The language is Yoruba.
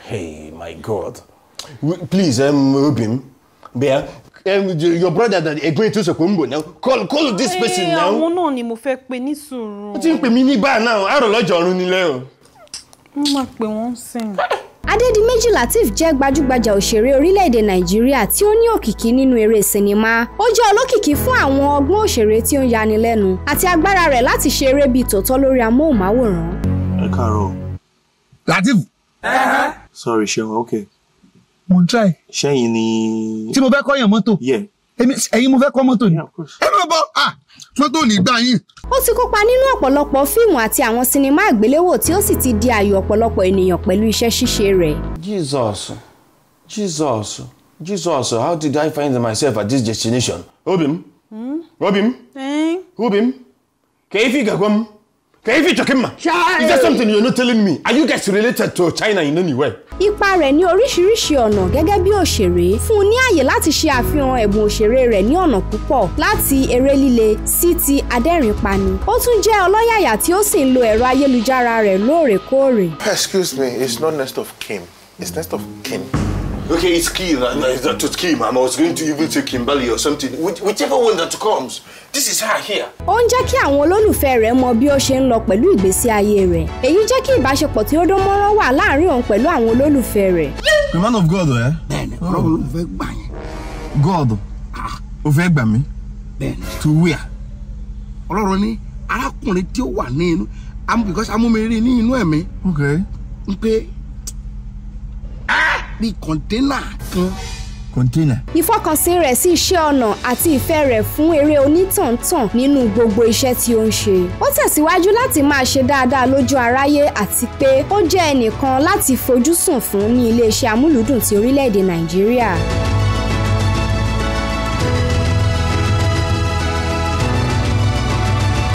Hey, my God. Please, um, Obim, Bear, um, your brother that agreed to Sokumbo now, call, call this hey, person now. Àwọn náà ni mo fẹ́ pè ní sùúrù. Ó ti ń pè mí ní báà náà, àárọ̀ lọ́jọ́ ọ̀run nílẹ̀ o. Mo máa pè wọ́n sìn. Adédìméjì Lateef jẹ́ gbajúgbajà òṣèré orílẹ̀-èdè Nàìjíríà tí ó ní òkìkí nínú eré sinimá. Ó jẹ́ olókìkí fún àwọn ọgbọ́n òṣèré tí ó ń yani lẹ́nu àti agbára rẹ̀ láti ṣe eré bíi tòótọ́ lórí amóhùnmáwòrán. Ẹ káàárọ̀. Lateef. Ẹ̀hẹ́ sorry ṣeun ok. mo n try. ṣẹ́yìn ni. tí mo fẹ́ kọ́ yàn mọ́tò. yẹ. ẹ̀yin mo fẹ́ kọ́ mọ́tò ni. ẹ má bọ ah, mọ́tò ní gbà yín. ó ti kópa nínú ọ̀pọ̀lọpọ̀ fíìmù àti àwọn sinimá àgbéléwò tí ó sì ti di ààyò ọ̀pọ̀lọpọ̀ ènìyàn pẹ̀lú iṣẹ́ ṣíṣe rẹ̀. Jesus Jesus Jesus how did I find myself at this destination? Obim. Hmm? Obim. Eh? Obim. Kèéfì gàgbọ́n kèé fi jọkí mà. Charlie is there something you are not telling me? Are you guys related to China in any way? Ipa rẹ̀ ní oríṣiríṣi ọ̀nà gẹ́gẹ́ bí òṣèré fún un ní àyè láti ṣe àfihàn ẹ̀bùn òṣèré rẹ̀ ní ọ̀nà púpọ̀ láti eré líle sí ti adẹ́rìnpani. Ó tún jẹ́ ọlọ́yàyà tí ó sì ń lo ẹ̀rọ ayélujára rẹ̀ lóòrèkóòrè. Excuse me, it's not next of kin, it's next of kin okay, it's Kim, and that was Kim, and I was going to even say Kimberly or something, whichever one that comes, this is her here. Ó ń jẹ́ kí àwọn olólùfẹ́ rẹ̀ mọ bí ó ṣe ń lọ pẹ̀lú ìgbésí ayé rẹ̀. Èyí jẹ́ kí ìbáṣepọ̀ tí ó dán mọ́rán wà láàárín òun pẹ̀lú àwọn olólùfẹ́ rẹ̀. The man of God, ẹ. Eh? Bẹ́ẹ̀ni, Ọlọ́run ló fẹ́ gbà yẹn. God, ah. ó fẹ́ gbà mí. Bẹ́ẹ̀ni. To where? Ọlọ́run ní arákùnrin tí ó wà ní inú, because amúmeri ní inú ẹ̀mí. Okay. N pé bíi kọ̀ńténà kan kọ́ńténà. ìfọkànsìn rẹ̀ sí iṣẹ́ ọnà àti ìfẹ́ rẹ̀ fún eré onítàntàn nínú gbogbo iṣẹ́ tí ó ń ṣe. ó tẹ̀síwájú láti máa ṣe dáadáa lójú aráyé àti pé ó jẹ́ ẹnìkan láti fojúsùn fún ní iléeṣẹ́ amúlùúdùn ti orílẹ̀ nàìjíríà.